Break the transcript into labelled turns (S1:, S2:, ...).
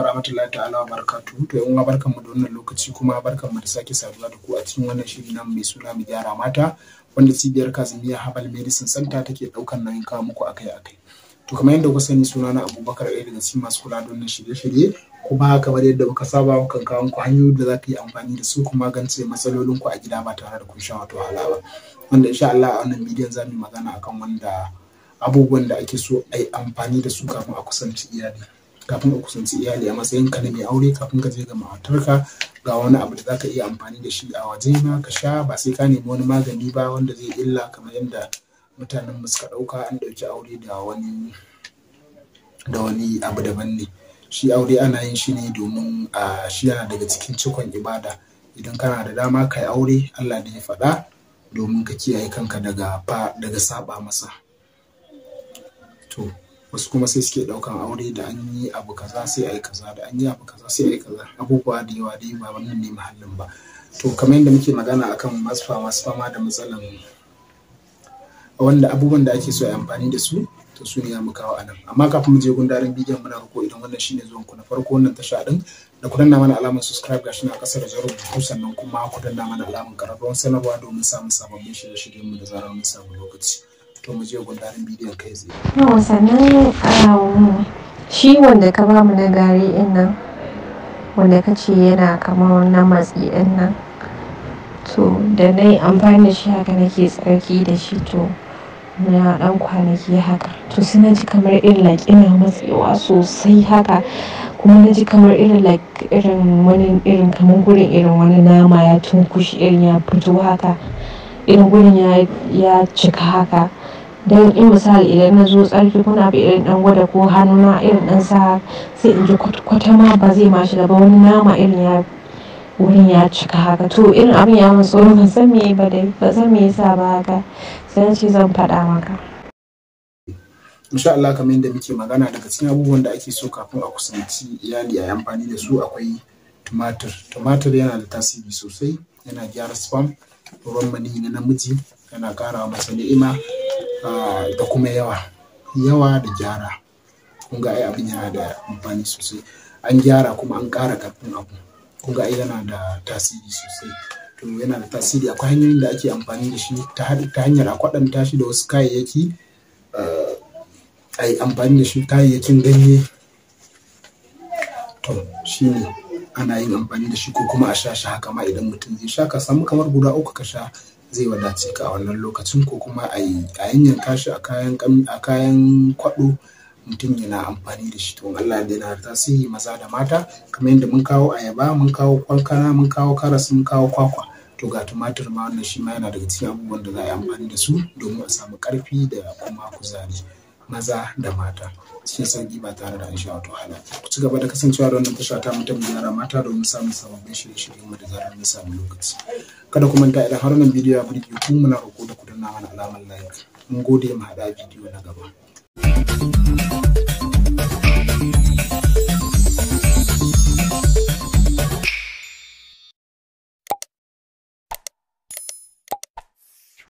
S1: alaikum warahmatullahi ta'ala wa barakatuhu to yan barkan mu da wannan lokaci kuma barkan mu da sake saduwa da ku a cikin wannan shiri nan mai suna mu gyara mata wanda cibiyar Kazimiya Habal Medicine Center take daukar nauyin kawo muku akai akai to kamar yadda kuka sani suna na Abubakar ɗaya daga cikin masu kula da wannan shirye-shirye kuma kamar yadda kuka saba muka kawo muku hanyoyi da za ka yi amfani da su ku magance matsalolin ku a gida ba tare da kun sha wata wahala ba wanda insha Allah a wannan bidiyon za mu magana akan wanda abubuwan da ake so a yi amfani da su kafin a kusanci iyali kafin ka kusanci iyali a matsayin ka na mai aure kafin ka je ga matarka ga wani abu da zaka iya amfani da shi a waje ma ka sha ba sai ka nemi wani magani ba wanda zai illa kamar yadda mutanen mu suka ɗauka an dauki aure da wani da wani abu daban ne shi aure ana yin shi ne domin a shi yana daga cikin cikon ibada idan kana da dama ka yi aure Allah da ya faɗa domin ka kiyaye kanka daga fa daga saba masa to wasu kuma sai suke ɗaukan aure da an yi abu kaza sai a yi kaza da an yi abu kaza sai a kaza abubuwa da yawa dai ba wannan ne muhallin ba to kamar yadda muke magana akan masu fama su fama da matsalan wanda abubuwan da ake so a amfani da su to su ne ya mu kawo anan amma kafin mu je gundarin bidiyon muna roko idan wannan shine zuwan ku na farko wannan tasha din da ku danna mana alamar subscribe gashi na kasar jaro sannan kuma ku danna mana alamar kararrawar sanarwa domin samun sababbin shirye-shiryen mu da zarar mun samu lokaci to mu je gundarin bidiyon kai tsaye sannan
S2: um, shi wanda ka ba mu na gari din nan wanda ka ce yana kamar na matsi din nan to da na yi amfani da shi haka nake tsarki da shi to na dan kwanaki haka to sai na ji kamar irin like ina matsewa sosai haka kuma na ji kamar irin like irin wani irin kamar gurin irin wani nama ya tunkushi irin ya fito haka irin gurin ya cika haka dan in misali idan na zo tsarki kuna bi irin dan gwada ko hannu na irin dan sa sai in ji kwata ma ba zai ma shiga ba wani nama irin ya wurin ya cika haka to irin abin ya min tsoro ban san me ba dai ba san me yasa ba haka sai na ce zan faɗa maka
S1: insha Allah kamar yadda muke magana daga cikin abubuwan da ake so kafin a kusanci iyali a amfani da su akwai tumatir tumatir yana da tasiri sosai yana gyara spam ruwan maniyi na namiji yana karawa mace ni'ima Ah, da kuma yawa yawa da gyara kun ga ai abin yana da amfani sosai an gyara kuma an ƙara karfin abu kun ga ai yana da tasiri sosai to yana da tasiri akwai hanyoyin da ake amfani da shi ta hanyar a kwaɗanta shi da wasu kayayyaki a ah, yi amfani da shi kayayyakin ganye to shi ne ana yin amfani da shi ko kuma a sha shi haka ma idan mutum zai sha ka samu kamar guda uku ka sha zai wadace ka a wannan lokacin ko kuma a yi a yanyanka shi a kayan kwado kwaɗo mutum yana amfani da shi to Allah da yana tasiri maza da mata kamar yadda mun kawo ayaba mun kawo kwankana mun kawo karas mun kawo kwakwa to ga tumatir ma wannan shi ma yana daga cikin abubuwan da za a yi amfani da su domin a samu karfi da kuma kuzari maza da mata cikin sauki ba tare da an sha wata wahala ku ci gaba da kasancewa da wannan tasha ta mutum yara mata domin samun sababbin shirye-shiryen da zarar mun samu lokaci kada ku manta idan har wannan bidiyo ya burge ku muna roƙo da ku danna mana alamar like mun gode mu haɗa bidiyo na gaba